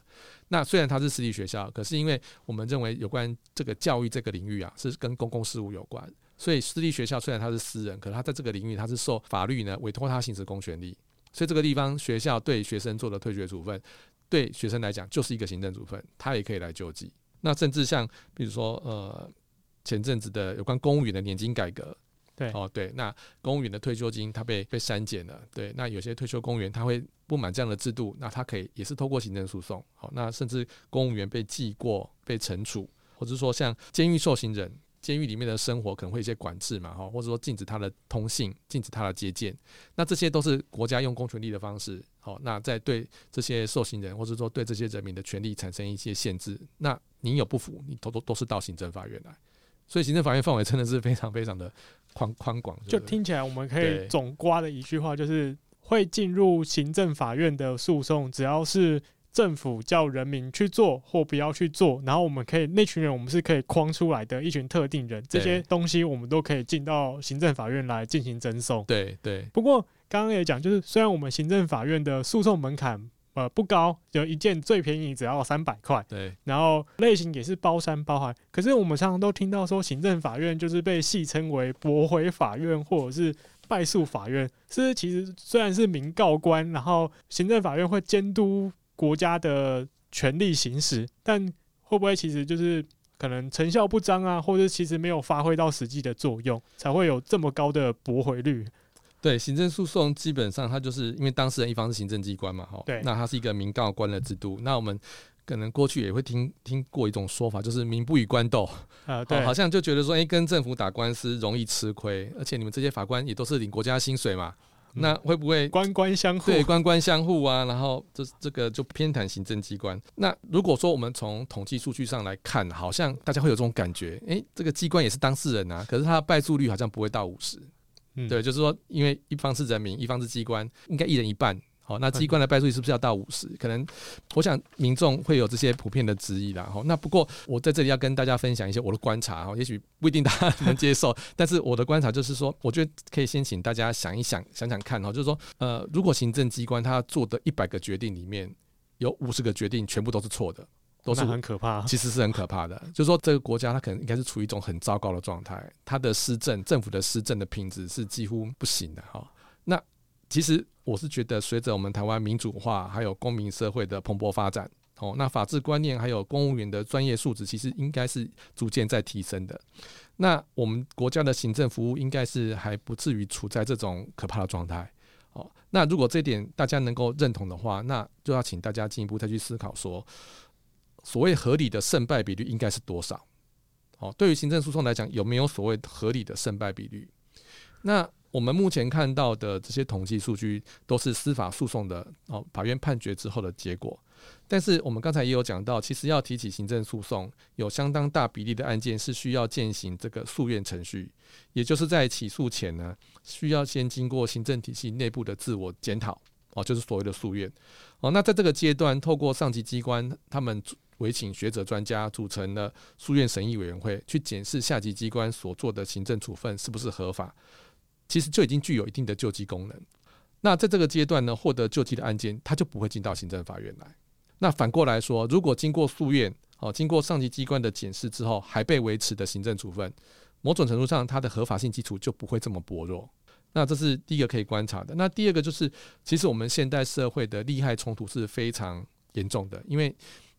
那雖然他是私立學校，可是因為我們認為有關這個教育這個領域啊，是跟公共事務有關，所以私立學校雖然他是私人，可是他在這個領域他是受法律呢委托他行使公權力，所以這個地方學校對學生做的退學處分，對學生來講，就是一個行政處分，他也可以來救濟。那甚至像，比如說，呃，前陣子的有關公務員的年金改革，對，哦，對，那公務員的退休金他被被刪減了，對，那有些退休公務員他會不滿這樣的制度，那他可以也是透過行政訴訟，好、哦，那甚至公務員被記過、被懲處，或者說像監獄受刑人。監獄裡面的生活可能會有些管制嘛，哈，或者說禁止他的通信，禁止他的接見，那這些都是國家用公權力的方式，好，那在對這些受刑人，或者說對這些人民的權利產生一些限制，那你有不服，你都都都是到行政法院來，所以行政法院範圍真的是非常非常的寬寬廣。就聽起來我們可以總括的一句話就是，會進入行政法院的訴訟，只要是。政府叫人民去做或不要去做，然後我們可以那群人，我們是可以框出來的一群特定人，這些東西我們都可以進到行政法院來進行爭訟。對對。不過剛剛也講，就是雖然我們行政法院的訴訟門檻呃不高，有一件最便宜只要三百塊，對。然後類型也是包山包海。可是我們常常都聽到說行政法院就是被戲稱為駁回法院或者是敗訴法院，是其實雖然是民告官，然後行政法院會監督。國家的權力行使，但會不會其實就是可能成效不彰啊，或者其實沒有發揮到實際的作用，才會有這麼高的駁回率？對，行政訴訟基本上它就是因為當事人一方是行政機關嘛，哈。對。那它是一個民告官的制度。那我們可能過去也會聽聽過一種說法，就是民不與官鬥啊，對、哦，好像就覺得說，誒、欸，跟政府打官司容易吃虧，而且你們這些法官也都是領國家薪水嘛。那會不會官官相護？對，官官相護啊。然後這這個就偏袒行政機關。那如果說我們從統計數據上來看，好像大家會有這種感覺，誒，這個機關也是當事人啊，可是他的敗訴率好像不會到五十。嗯，對，就是說，因為一方是人民，一方是機關，應該一人一半。好，那機關的敗訴率是不是要到五十？可能，我想民眾會有這些普遍的質疑啦。哈，那不過我在這裡要跟大家分享一些我的觀察哈。也許不一定大家能接受，但是我的觀察就是說，我覺得可以先請大家想一想，想想看哈。就是說，呃，如果行政機關他做的一百個決定裡面有五十個決定全部都是錯的，都是很可怕，其實是很可怕的。就是說，這個國家它可能應該是處於一種很糟糕的狀態，它的施政，政府的施政的品質是幾乎不行的哈。那其實。我是覺得，隨着我們台灣民主化，還有公民社會的蓬勃發展，哦，那法治觀念還有公務員的專業素質，其實應該是逐漸在提升的。那我們國家的行政服務，應該是還不至於處在這種可怕的狀態。哦，那如果這點大家能夠認同的話，那就要請大家進一步再去思考說，說所謂合理的勝敗比率應該是多少？哦，對於行政訴訟來講，有沒有所謂合理的勝敗比率？那？我們目前看到的這些統計數據，都是司法訴訟的哦，法院判決之後的結果。但是我們剛才也有講到，其實要提起行政訴訟，有相當大比例的案件是需要踐行這個訴願程序，也就是在起訴前呢，需要先經過行政體系內部的自我檢討哦，就是所謂的訴願哦。那在這個階段，透過上級機關他們委請學者專家組成了訴願審議委員會，去檢視下級機關所做的行政處分是不是合法。其實就已經具有一定的救濟功能。那在這個階段呢，獲得救濟的案件，它就不會進到行政法院來。那反過來說，如果經過訴願，哦，經過上級機關的檢視之後，還被維持的行政處分，某種程度上，它的合法性基礎就不會這麼薄弱。那這是第一個可以觀察的。那第二個就是，其實我們現代社會的利害衝突是非常嚴重的，因為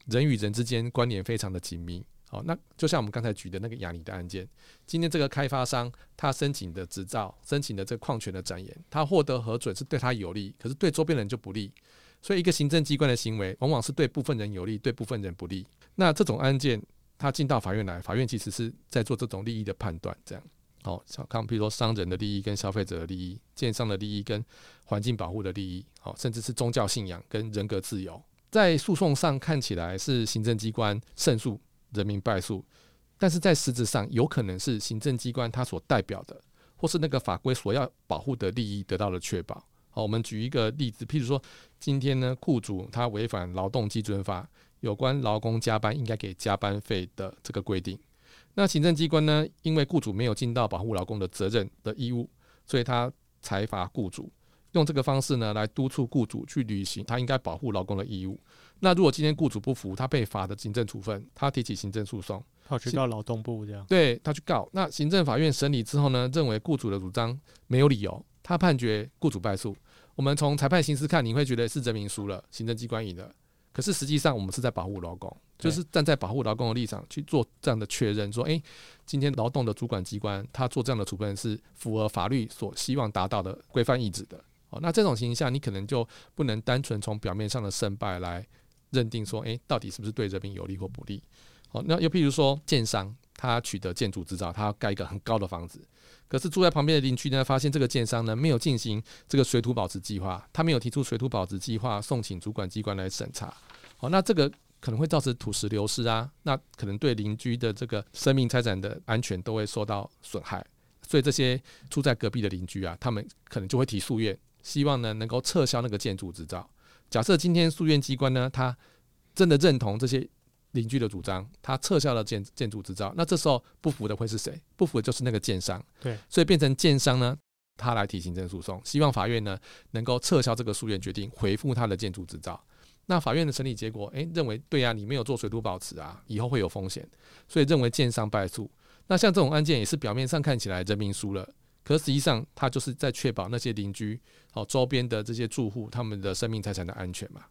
人與人之間關聯非常的緊密。那就像我們剛才舉的那個亞泥的案件，今天這個開發商他申請的執照、申請的這礦權的展延，他獲得核准是對他有利，可是對周邊人就不利。所以一個行政機關的行為，往往是對部分人有利，對部分人不利。那這種案件他進到法院來，法院其實是在做這種利益的判斷，這樣。哦，小康譬如說商人的利益跟消費者的利益，建商的利益跟環境保護的利益，哦，甚至是宗教信仰跟人格自由，在訴訟上看起來是行政機關勝訴。人民敗訴，但是在實質上，有可能是行政機關他所代表的，或是那個法規所要保護的利益得到了確保。好，我們舉一個例子，譬如說，今天呢，雇主他違反勞動基準法有關勞工加班應該給加班費的這個規定，那行政機關呢，因為雇主沒有盡到保護勞工的責任的義務，所以他裁罰雇主。用這個方式呢，來督促雇主去履行他應該保護勞工的義務。那如果今天雇主不服，他被罰的行政處分，他提起行政訴訟，他去告勞動部這樣，對他去告。那行政法院審理之後呢，認為雇主的主張沒有理由，他判決雇主敗訴。我們從裁判形式看，你會覺得是人民輸了，行政機關贏了。可是實際上我們是在保護勞工，就是站在保護勞工的立場去做這樣的確認說，說、欸，今天勞動的主管機關他做這樣的處分是符合法律所希望達到的規範意志的。那這種情形下，你可能就不能單純從表面上的勝敗來認定說，誒、欸，到底是不是對人民有利或不利？好，那又譬如說，建商他取得建築執照，他要蓋一個很高的房子，可是住在旁邊的鄰居呢，發現這個建商呢沒有進行這個水土保持計劃，他沒有提出水土保持計劃送請主管機關來審查。好，那這個可能會造成土石流失啊，那可能對鄰居的這個生命財產的安全都會受到損害，所以這些住在隔壁的鄰居啊，他們可能就會提訴願。希望呢能夠撤銷那個建築執照。假設今天訴願機關呢，他真的認同這些鄰居的主張，他撤銷了建建築執照，那這時候不服的會是誰？不服的就是那個建商。對，所以變成建商呢，他來提行政訴訟，希望法院呢能夠撤銷這個訴願決定，回復他的建築執照。那法院的審理結果，誒、欸，認為對啊，你沒有做水土保持啊，以後會有風險，所以認為建商敗訴。那像這種案件也是表面上看起來人民輸了。可實際上，他就是在確保那些鄰居、好、哦、周邊的這些住戶他們的生命財產的安全嘛。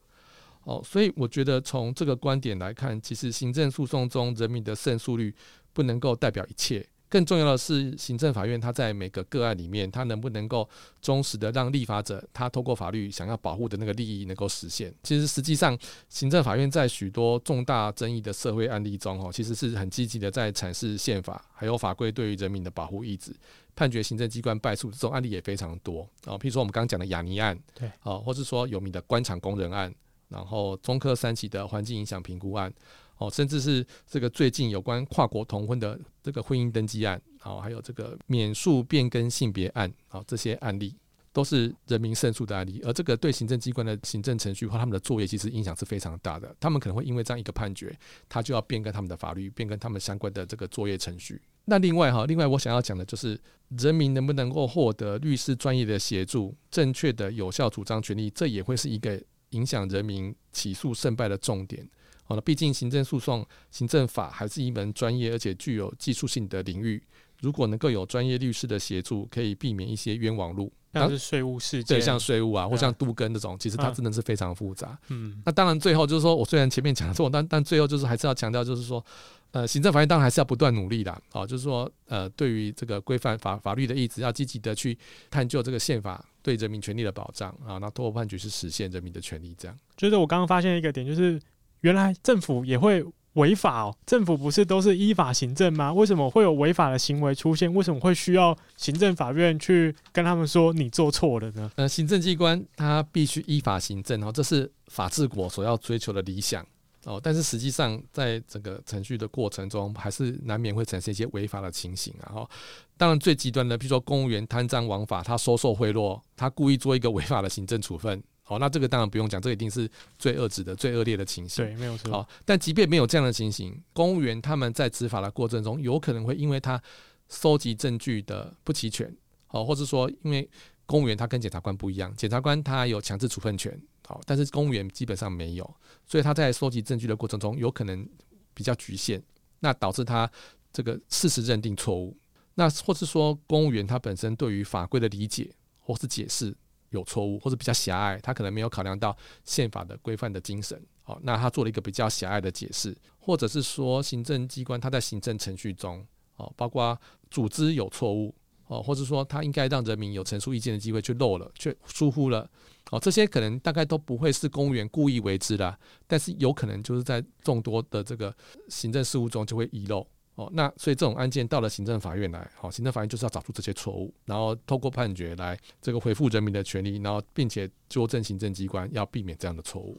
哦，所以我覺得從這個觀點來看，其實行政訴訟中人民的勝訴率不能夠代表一切。更重要的是，行政法院它在每個個案裡面，它能不能夠忠實的讓立法者他透過法律想要保護的那個利益能夠實現？其實實際上，行政法院在許多重大爭議的社會案例中，哈，其實是很積極的在闡釋憲法還有法規對於人民的保護意志，判決行政機關敗訴這種案例也非常多。然後譬如說我們剛講的亞尼案，對，啊，或是說有名的官場工人案，然後中科三期的環境影響評估案。哦，甚至是這個最近有關跨國同婚的這個婚姻登記案，好，還有這個免術變更性別案，好，這些案例都是人民勝訴的案例，而這個對行政機關的行政程序和他們的作業其實影響是非常大的。他們可能會因為這樣一個判決，他就要變更他們的法律，變更他們相關的這個作業程序。那另外哈，另外我想要講的就是，人民能不能夠獲得律師專業的協助，正確的有效主張權利，這也會是一個影響人民起訴勝敗的重點。好了，畢竟行政訴訟、行政法還是一門專業而且具有技術性的領域。如果能夠有專業律師的協助，可以避免一些冤枉路。這但是稅務事件，對像稅務啊，啊，或像杜根這種，其實它真的是非常複雜。嗯，那當然最後就是說我雖然前面講錯，但但最後就是還是要強調，就是說，呃，行政法院當然還是要不斷努力的啊，就是說，呃，對於這個規範法法律的意志，要積極的去探究這個憲法對人民權利的保障啊。那通過判決是實現人民的權利，這樣。就是我剛剛發現一個點，就是。原來政府也會違法哦？政府不是都是依法行政嗎？為什麼會有違法的行為出現？為什麼會需要行政法院去跟他們說你做錯了呢？呃，行政機關他必須依法行政，哦，這是法治國所要追求的理想哦。但是實際上，在整個程序的過程中，還是難免會產生一些違法的情形啊。哈、哦，當然最極端的，比如說公務員貪贓枉法，他收受賄賂，他故意做一個違法的行政處分。好，那這個當然不用講，這個，一定是最惡質的、最惡劣的情形。對，沒有錯。好，但即便沒有這樣的情形，公務員他們在執法的過程中，有可能會因為他收集證據的不齊全，好，或是說因為公務員他跟檢察官不一樣，檢察官他有強制處分權，好，但是公務員基本上沒有，所以他在收集證據的過程中，有可能比較局限，那導致他這個事實認定錯誤，那或是說公務員他本身對於法規的理解或是解釋。有錯誤或者比較狹隘，他可能沒有考量到憲法的規範的精神，好，那他做了一個比較狹隘的解釋，或者是說行政機關他在行政程序中，哦，包括組織有錯誤，哦，或者說他應該讓人民有陳述意見的機會去漏了，卻疏忽了，哦，這些可能大概都不會是公務員故意為之的，但是有可能就是在眾多的這個行政事務中就會遺漏。哦，那所以這種案件到了行政法院來，好，行政法院就是要找出這些錯誤，然後透過判決來這個恢復人民的權利，然後並且糾正行政機關要避免這樣的錯誤。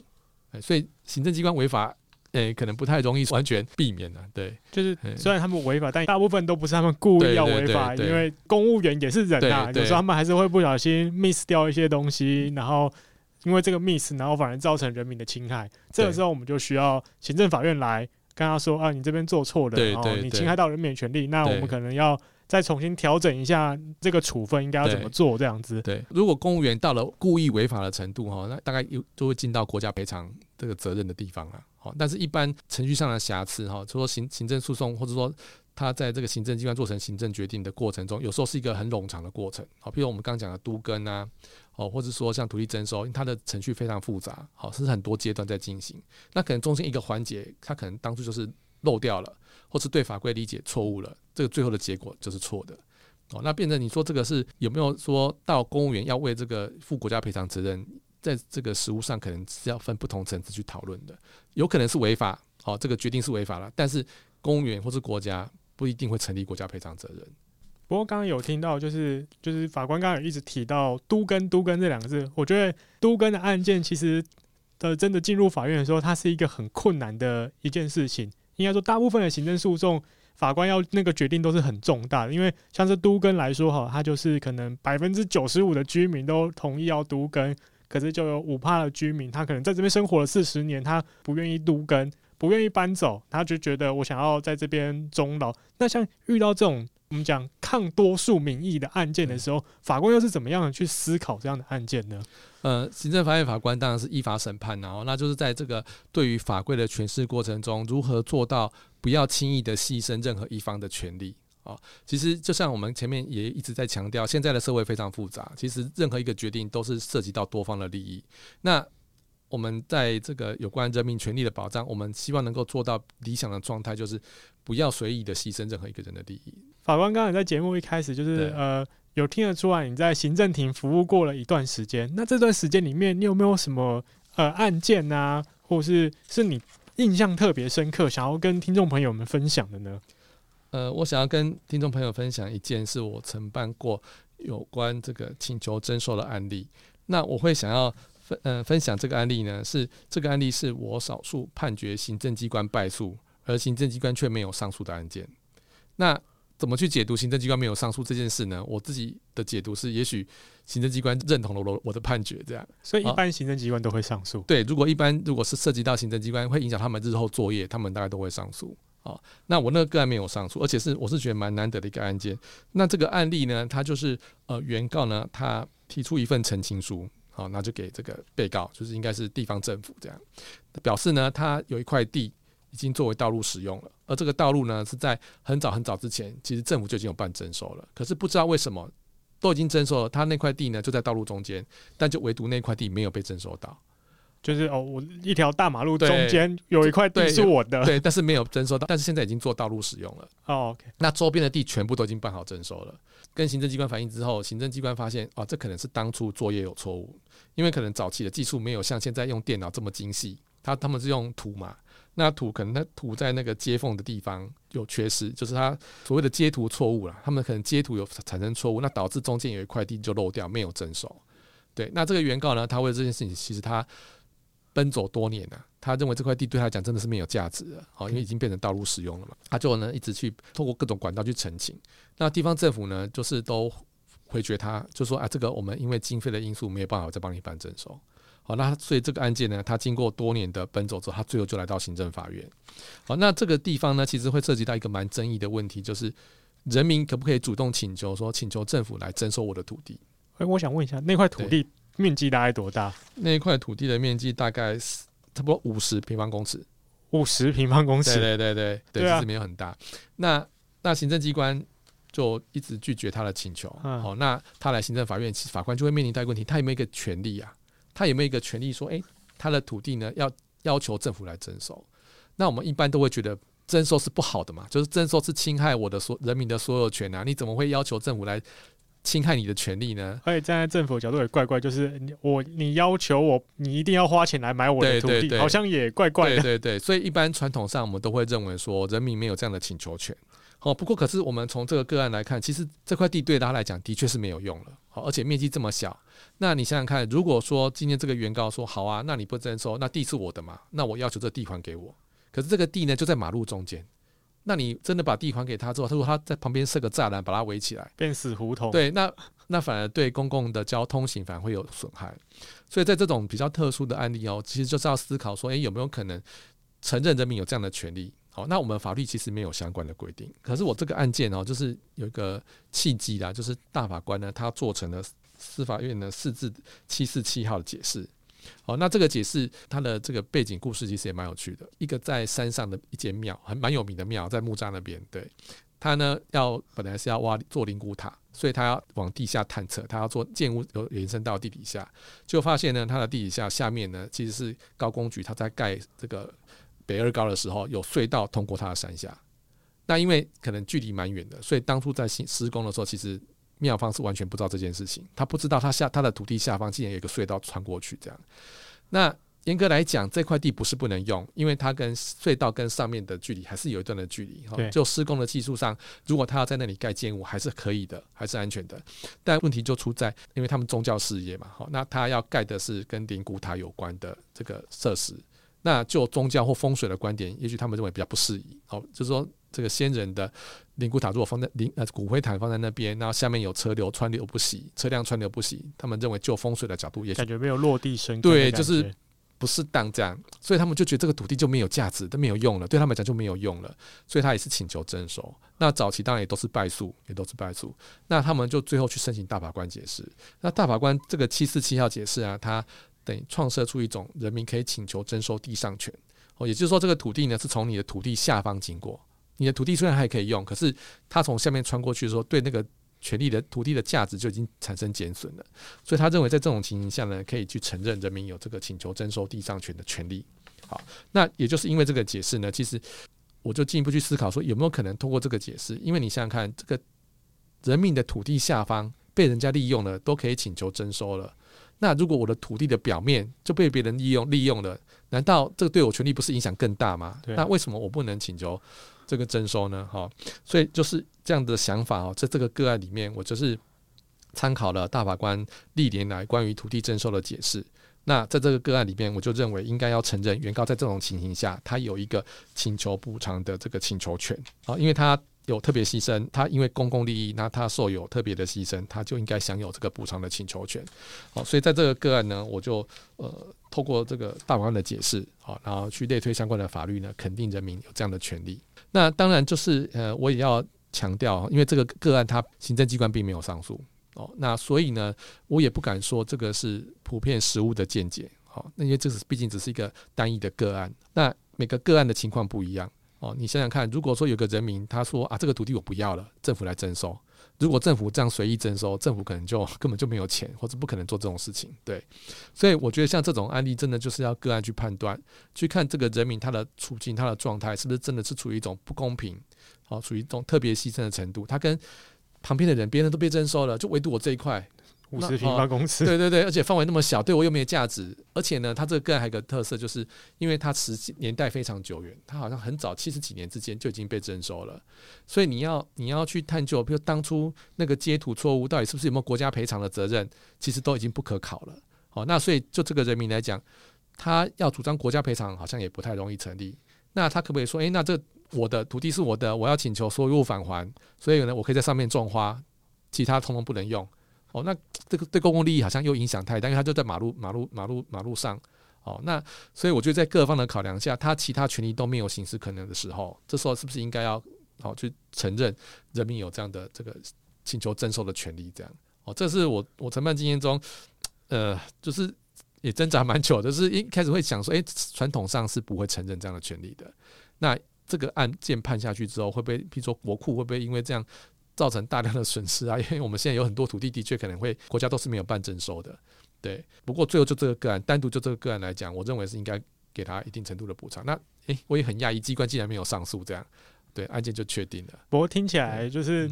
哎，所以行政機關違法，哎、欸，可能不太容易完全避免了。對，就是雖然他們違法，但大部分都不是他們故意要違法，對對對對因為公務員也是人吶、啊，對對對有時候他們還是會不小心 miss 掉一些東西，然後因為這個 miss，然後反而造成人民的侵害。這個時候我們就需要行政法院來。跟他說啊，你這邊做錯了，然後你侵害到人民的權利，那我們可能要再重新調整一下這個處分應該要怎麼做這樣子。對，如果公務員到了故意違法的程度哈，那大概有就會進到國家賠償這個責任的地方了。好，但是一般程序上的瑕疵哈，除了行行政訴訟或者說。他在這個行政機關做成行政決定的過程中，有時候是一個很冗長的過程，好，比如我們剛講的都更啊，哦，或者說像土地徵收，因為它的程序非常複雜，好，甚至很多階段在進行。那可能中間一個環節，他可能當初就是漏掉了，或是對法規理解錯誤了，這個最後的結果就是錯的，哦，那變成你說這個是有沒有說到公務員要為這個負國家賠償責任，在這個實務上可能是要分不同層次去討論的，有可能是違法，好，這個決定是違法了，但是公務員或者國家，不一定會成立國家賠償責任。不過剛剛有聽到，就是就是法官剛剛有一直提到都“都更都更”這兩個字，我覺得“都更”的案件其實的、呃、真的進入法院的時候，它是一個很困難的一件事情。應該說，大部分的行政訴訟法官要那個決定都是很重大的，因為像是都更來說哈，它就是可能百分之九十五的居民都同意要都更，可是就有五趴的居民，他可能在這邊生活了四十年，他不願意都更。不願意搬走，他就覺得我想要在這邊終老。那像遇到這種我們講抗多數民意的案件的時候，法官又是怎麼樣的去思考這樣的案件呢？呃，嗯，行政法院法官當然是依法審判啊，然後那就是在這個對於法規的詮釋過程中，如何做到不要輕易的犧牲任何一方的權利。哦，其實就像我們前面也一直在強調，現在的社會非常複雜，其實任何一個決定都是涉及到多方的利益。那我們在這個有關人民權利的保障，我們希望能夠做到理想的狀態，就是不要隨意的犧牲任何一個人的利益。法官剛剛在節目一開始，就是呃，有聽得出來你在行政庭服務過了一段時間。那這段時間裡面，你有沒有什麼呃案件啊，或是是你印象特別深刻，想要跟聽眾朋友們分享的呢？呃，我想要跟聽眾朋友分享一件事，是我承辦過有關這個請求徵收的案例。那我會想要。分呃分享這個案例呢，是這個案例是我少數判決行政機關敗訴，而行政機關卻沒有上訴的案件。那怎麼去解讀行政機關沒有上訴這件事呢？我自己的解讀是，也許行政機關認同了我我的判決這樣。所以一般行政機關都會上訴。哦，對，如果一般如果是涉及到行政機關會影響他們日後作業，他們大概都會上訴啊，哦。那我那個案沒有上訴，而且是我是覺得蠻難得的一個案件。那這個案例呢，他就是呃原告呢他提出一份澄清書。好，那就給這個被告，就是應該是地方政府這樣表示呢。他有一塊地已經作為道路使用了，而這個道路呢是在很早很早之前，其實政府就已經有辦徵收了。可是不知道為什麼，都已經徵收了，他那塊地呢就在道路中間，但就唯獨那塊地沒有被徵收到，就是哦，我一條大馬路中間有一塊地是我的，對， 對，但是沒有徵收到，但是現在已經做道路使用了。Oh, OK，那周邊的地全部都已經辦好徵收了。跟行政機關反映之後，行政機關發現，哦，這可能是當初作業有錯誤。因為可能早期的技術沒有像現在用電腦這麼精細，他他們是用土嘛，那土可能他土在那個接縫的地方有缺失，就是他所謂的接圖錯誤了。他們可能接圖有產生錯誤，那導致中間有一塊地就漏掉，沒有徵收。對，那這個原告呢，他為這件事情其實他奔走多年了，啊，他認為這塊地對他來講真的是沒有價值了，好，因為已經變成道路使用了嘛，他就呢一直去透過各種管道去澄清。那地方政府呢，就是都。回絕他，就說啊，這個我們因為經費的因素沒有辦法再幫你辦徵收。好，那所以這個案件呢，他經過多年的奔走之後，他最後就來到行政法院。好，那這個地方呢，其實會涉及到一個蠻爭議的問題，就是人民可不可以主動請求說，請求政府來徵收我的土地？哎，我想問一下，那塊土地面積大概多大？那一塊土地的面積大概是差不多五十平方公尺，五十平方公尺，對對對對對，其實沒有很大。那那行政機關。就一直拒絕他的請求，好、嗯哦，那他來行政法院，其實法官就會面臨一個問題：他有沒有一個權利啊？他有沒有一個權利說，哎、欸，他的土地呢，要要求政府來徵收？那我們一般都會覺得徵收是不好的嘛，就是徵收是侵害我的所人民的所有權啊！你怎麼會要求政府來侵害你的權利呢？而且站在政府的角度也怪怪，就是我你要求我，你一定要花錢來買我的土地，對對對，好像也怪怪的。對對對，所以一般傳統上我們都會認為說，人民沒有這樣的請求權。哦，不過可是我們從這個個案來看，其實這塊地對他來講的確是沒有用了，好，而且面積這麼小，那你想想看，如果說今天這個原告說好啊，那你不徵收，那地是我的嘛，那我要求這地還給我。可是這個地呢，就在馬路中間，那你真的把地還給他之後，他說他在旁邊設個柵欄把它圍起來，變死胡同。對，那那反而對公共的交通行，反而會有損害，所以在這種比較特殊的案例哦，其實就是要思考說，哎、欸，有沒有可能承認人民有這樣的權利？哦，那我們法律其實沒有相關的規定，可是我這個案件哦、喔，就是有一個契機啦，就是大法官呢，他做成了司法院的釋字七四七號的解釋。哦，那這個解釋它的這個背景故事其實也蠻有趣的，一個在山上的一間廟，還蠻有名的廟，在木柵那邊。對，他呢要本來是要挖做靈骨塔，所以他要往地下探測，他要做建物延伸到地底下，就發現呢他的地底下下面呢其實是高公局他在蓋這個。北二高的時候，有隧道通過它的山下。那因為可能距離蠻遠的，所以當初在施工的時候，其實廟方是完全不知道這件事情，他不知道他下他的土地下方竟然有一個隧道穿過去這樣。那嚴格來講，這塊地不是不能用，因為它跟隧道跟上面的距離還是有一段的距離哈。就施工的技術上，如果他要在那裡蓋建物，還是可以的，還是安全的。但問題就出在，因為他們宗教事業嘛，那他要蓋的是跟靈骨塔有關的這個設施。那就宗教或風水的觀點，也許他們認為比較不適宜。好、哦，就是說這個先人的靈骨塔，如果放在靈呃骨灰壇放在那邊，然後下面有車流川流不息，車輛川流不息，他們認為就風水的角度也感覺沒有落地生根。對，就是不適當這樣，所以他們就覺得這個土地就沒有價值，都沒有用了，對他們講就沒有用了，所以他也是請求徵收。那早期當然也都是敗訴，也都是敗訴。那他們就最後去申請大法官解釋。那大法官這個七四七號解釋啊，他等於創設出一種人民可以請求徵收地上權哦，也就是說這個土地呢，是從你的土地下方經過，你的土地雖然還可以用，可是他從下面穿過去的時候，對那個權利的土地的價值就已經產生減損了，所以他認為在這種情形下呢，可以去承認人民有這個請求徵收地上權的權利。好，那也就是因為這個解釋呢，其實我就進一步去思考說，有沒有可能通過這個解釋，因為你想想看，這個人民的土地下方被人家利用了，都可以請求徵收了，那如果我的土地的表面就被別人利用利用了，難道這個對我權利不是影響更大嗎？啊？那為什麼我不能請求這個徵收呢？哈，所以就是這樣的想法哦，在這個個案裡面，我就是參考了大法官歷年來關於土地徵收的解釋。那在這個個案裡面，我就認為應該要承認原告在這種情形下，他有一個請求補償的這個請求權啊，因為他。有特別犧牲，他因為公共利益，那他受有特別的犧牲，他就應該享有這個補償的請求權。好，所以在這個個案呢，我就呃透過這個大法官的解釋，好，然後去類推相關的法律呢，肯定人民有這樣的權利。那當然就是呃，我也要強調，因為這個個案他行政機關並沒有上訴哦，那所以呢，我也不敢說這個是普遍實務的見解。好，那因為這是畢竟只是一個單一的個案，那每個個案的情況不一樣。哦，你想想看，如果說有個人民他說啊，這個土地我不要了，政府來徵收。如果政府這樣隨意徵收，政府可能就根本就沒有錢，或者不可能做這種事情。對，所以我覺得像這種案例，真的就是要個案去判斷，去看這個人民他的處境、他的狀態，是不是真的是處於一種不公平，哦，處於一種特別犧牲的程度。他跟旁邊的人，別人都被徵收了，就唯獨我這一塊。五十平方公尺，哦，對對對，而且範圍那麼小，對我又沒有價值。 而且呢，它這個還有個特色，就是因為它時間年代非常久遠，它好像很早七十幾年之間就已經被徵收了。所以你要你要去探究，比如當初那個接土錯誤到底是不是有沒有國家賠償的責任，其實都已經不可考了。哦，那所以就這個人民來講，他要主張國家賠償，好像也不太容易成立。那他可不可以說，哎、欸，那這我的土地是我的，我要請求所有物返還？所以呢，我可以在上面種花，其他通通不能用。哦，那這個對公共利益好像又影響太大，因為它就在馬路、馬路、馬路、馬路上。哦，那所以我覺得在各方的考量下，他其他權利都沒有行使可能的時候，這時候是不是應該要好去承認人民有這樣的這個請求徵收的權利？這樣，哦，這是我我承辦經驗中，呃，就是也掙扎蠻久，就是一開始會想說，哎、欸，傳統上是不會承認這樣的權利的。那這個案件判下去之後，會不會譬如說國庫會不會因為這樣。造成大量的損失啊，因為我們現在有很多土地的確可能會國家都是沒有辦徵收的，對。不過最後就這個個案，單獨就這個個案來講，我認為是應該給他一定程度的補償。那誒、欸，我也很訝異，機關竟然沒有上訴，這樣，對，案件就確定了。不過聽起來就是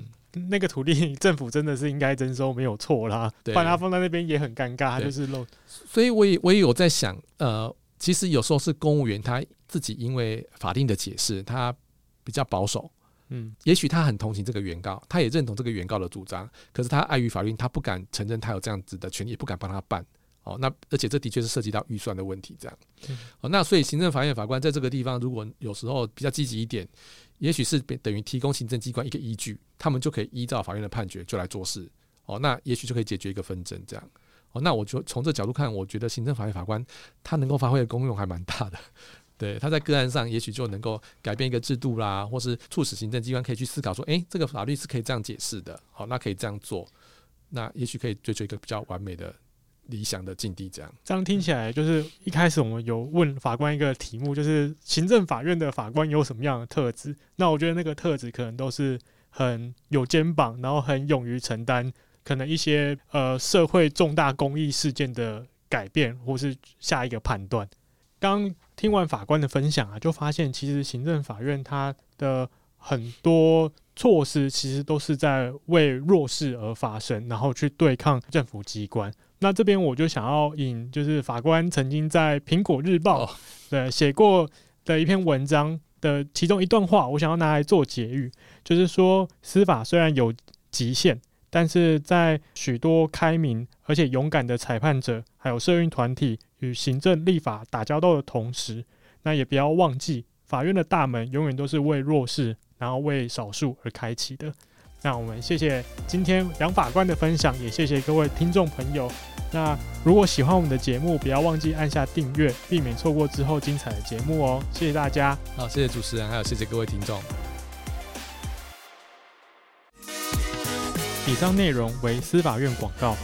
那個土地、嗯、政府真的是應該徵收，沒有錯啦。對，把它放在那邊也很尷尬，就是漏。所以我也我也有在想，呃，其實有時候是公務員他自己因為法令的解釋，他比較保守。嗯，也許他很同情這個原告，他也認同這個原告的主張，可是他礙於法律，他不敢承認他有這樣子的權利，也不敢幫他辦。哦，那而且這的確是涉及到預算的問題，這樣。哦，那所以行政法院法官在這個地方，如果有時候比較積極一點，也許是等於提供行政機關一個依據，他們就可以依照法院的判決就來做事。哦，那也許就可以解決一個紛爭，這樣。哦，那我就從這角度看，我覺得行政法院法官他能夠發揮的功用還蠻大的。對，他在個案上也許就能夠改變一個制度啦，或是促使行政機關可以去思考說：哎，這個法律是可以這樣解釋的，好，那可以這樣做，那也許可以追求一個比較完美的理想的境地。這樣，這樣聽起來就是一開始我們有問法官一個題目，就是行政法院的法官有什麼樣的特質？那我覺得那個特質可能都是很有肩膀，然後很勇於承擔，可能一些呃社會重大公益事件的改變，或是下一個判斷。剛。聽完法官的分享啊，就發現其實行政法院他的很多措施其實都是在為弱勢而發聲，然後去對抗政府機關。那這邊我就想要引，就是法官曾經在《蘋果日報》的寫過的一篇文章的其中一段話，我想要拿來做結語，就是說司法雖然有極限，但是在許多開明而且勇敢的裁判者，還有社運團體。與行政立法打交道的同時，那也不要忘記，法院的大門永遠都是為弱勢，然後為少數而開啟的。那我們謝謝今天楊法官的分享，也謝謝各位聽眾朋友。那如果喜歡我們的節目，不要忘記按下訂閱，避免錯過之後精彩的節目哦。謝謝大家。好，謝謝主持人，還有謝謝各位聽眾。以上內容為司法院廣告。